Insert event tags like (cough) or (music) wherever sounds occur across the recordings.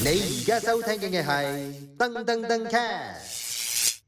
你而家收聽嘅係燈登登 cast。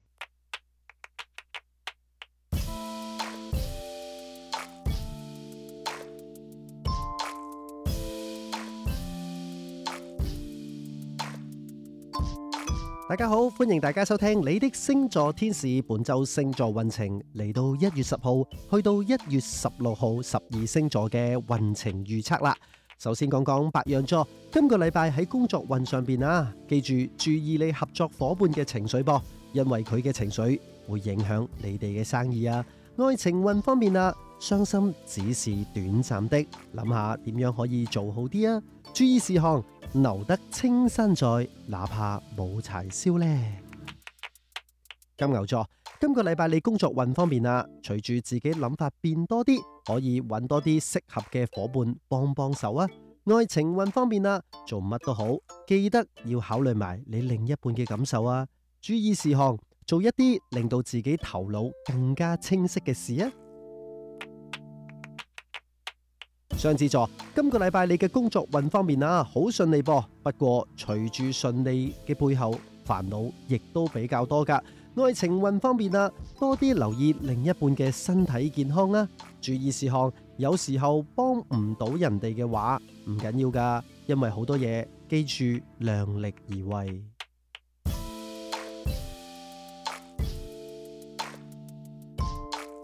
大家好，歡迎大家收聽你的星座天使本周星座運程，嚟到一月十號去到一月十六號十二星座嘅運程預測啦。首先講講白羊座，今個禮拜喺工作運上邊啊，記住注意你合作夥伴嘅情緒噃，因為佢嘅情緒會影響你哋嘅生意啊。愛情運方面啊，傷心只是短暫的，諗下點樣可以做好啲啊。注意事項，留得青山在，哪怕冇柴燒呢。金牛座。今個禮拜你工作運方面啊，隨住自己諗法變多啲，可以搵多啲適合嘅伙伴幫幫手啊。愛情運方面啊，做乜都好，記得要考慮埋你另一半嘅感受啊。注意事項，做一啲令到自己頭腦更加清晰嘅事啊。雙子座，今個禮拜你嘅工作運方面啊，好順利噃。不過隨住順利嘅背後，煩惱亦都比較多噶愛情運方面啊，多啲留意另一半嘅身體健康啦，啊，注意事項，有時候幫唔到人哋嘅話唔緊要噶，因為好多嘢，記住量力而為。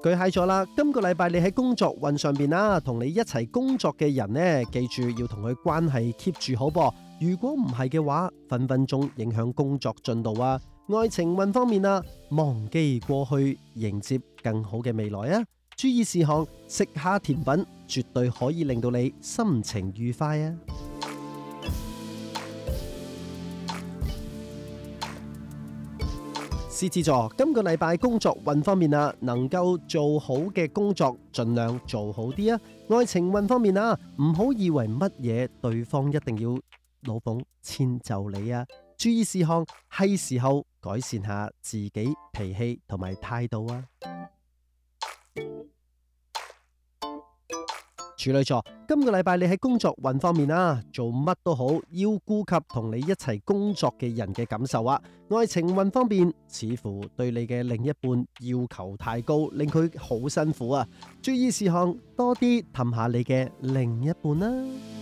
佢嗨咗啦，今個禮拜你喺工作運上邊啦，啊，同你一齊工作嘅人呢，記住要同佢關係 keep 住好噃，啊。如果唔係嘅話，分分鐘影響工作進度啊！愛情運方面啊，忘記過去，迎接更好嘅未來啊！注意事項，食下甜品絕對可以令到你心情愉快啊！獅子座今個禮拜工作運方面啊，能夠做好嘅工作盡量做好啲啊！愛情運方面啊，唔好以為乜嘢對方一定要。老奉遷就你啊！注意事項，係時候改善下自己脾氣同埋態度啊！ (noise) 處女座，今個禮拜你喺工作運方面啊，做乜都好，要顧及同你一齊工作嘅人嘅感受啊！愛情運方面，似乎對你嘅另一半要求太高，令佢好辛苦啊！注意事項，多啲氹下你嘅另一半啦～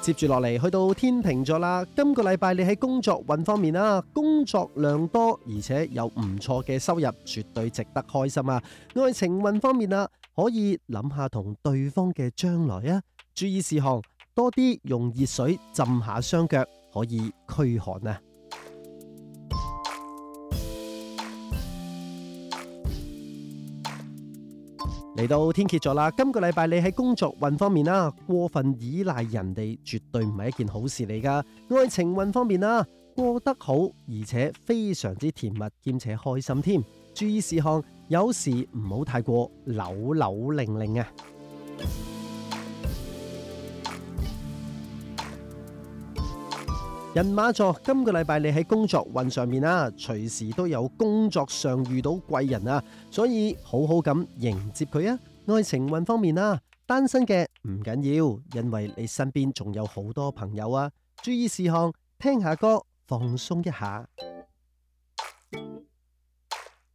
接住落嚟，去到天秤座啦。今個禮拜你喺工作運方面啦，工作量多，而且有唔錯嘅收入，絕對值得開心啊！愛情運方面啊，可以諗下同對方嘅將來啊。注意事項，多啲用熱水浸下雙腳，可以驅寒啊。嚟到天蠍座啦，今個禮拜你喺工作運方面啦，過分依賴人哋，絕對唔係一件好事嚟㗎。愛情運方面啦，過得好而且非常之甜蜜兼且開心添。注意事項，有時唔好太過扭扭擰擰啊。人馬座，今個禮拜你喺工作運上面啊，隨時都有工作上遇到貴人啊，所以好好咁迎接佢啊。愛情運方面啊，單身嘅唔緊要，因為你身邊仲有好多朋友啊。注意事項，聽下歌放鬆一下。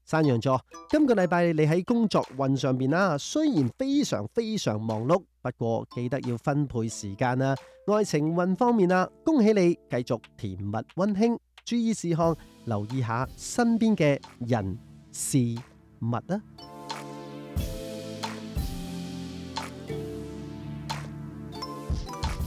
山羊座，今個禮拜你喺工作運上邊啦，雖然非常非常忙碌，不過記得要分配時間啊。愛情運方面啊，恭喜你繼續甜蜜溫馨。注意事項，留意下身邊嘅人事物啊。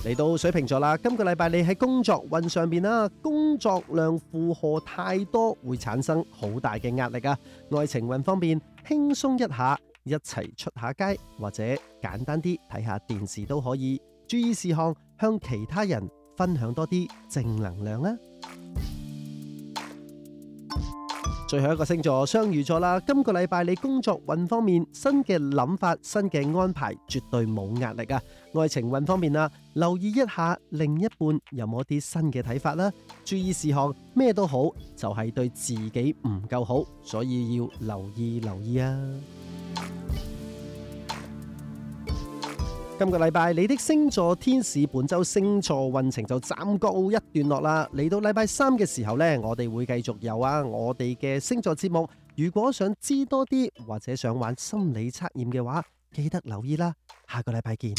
嚟到水瓶座啦，今個禮拜你喺工作運上邊啦，工作量負荷太多會產生好大嘅壓力啊！愛情運方面，輕鬆一下，一齊出下街，或者簡單啲睇下電視都可以。注意事項，向其他人分享多啲正能量啊！最後一個星座雙魚座啦，今個禮拜你工作運方面，新嘅諗法、新嘅安排絕對冇壓力啊！愛情運方面啦，留意一下另一半有冇啲新嘅睇法啦。注意事項，咩都好，就係對自己唔夠好，所以要留意留意啊！今個禮拜你的星座天使本周星座運程就暫告一段落啦。嚟到禮拜三嘅時候呢，我哋會繼續有啊我哋嘅星座節目。如果想知多啲或者想玩心理測驗嘅話，記得留意啦。下個禮拜見。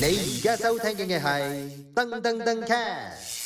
你而家收聽緊嘅係噔噔噔 c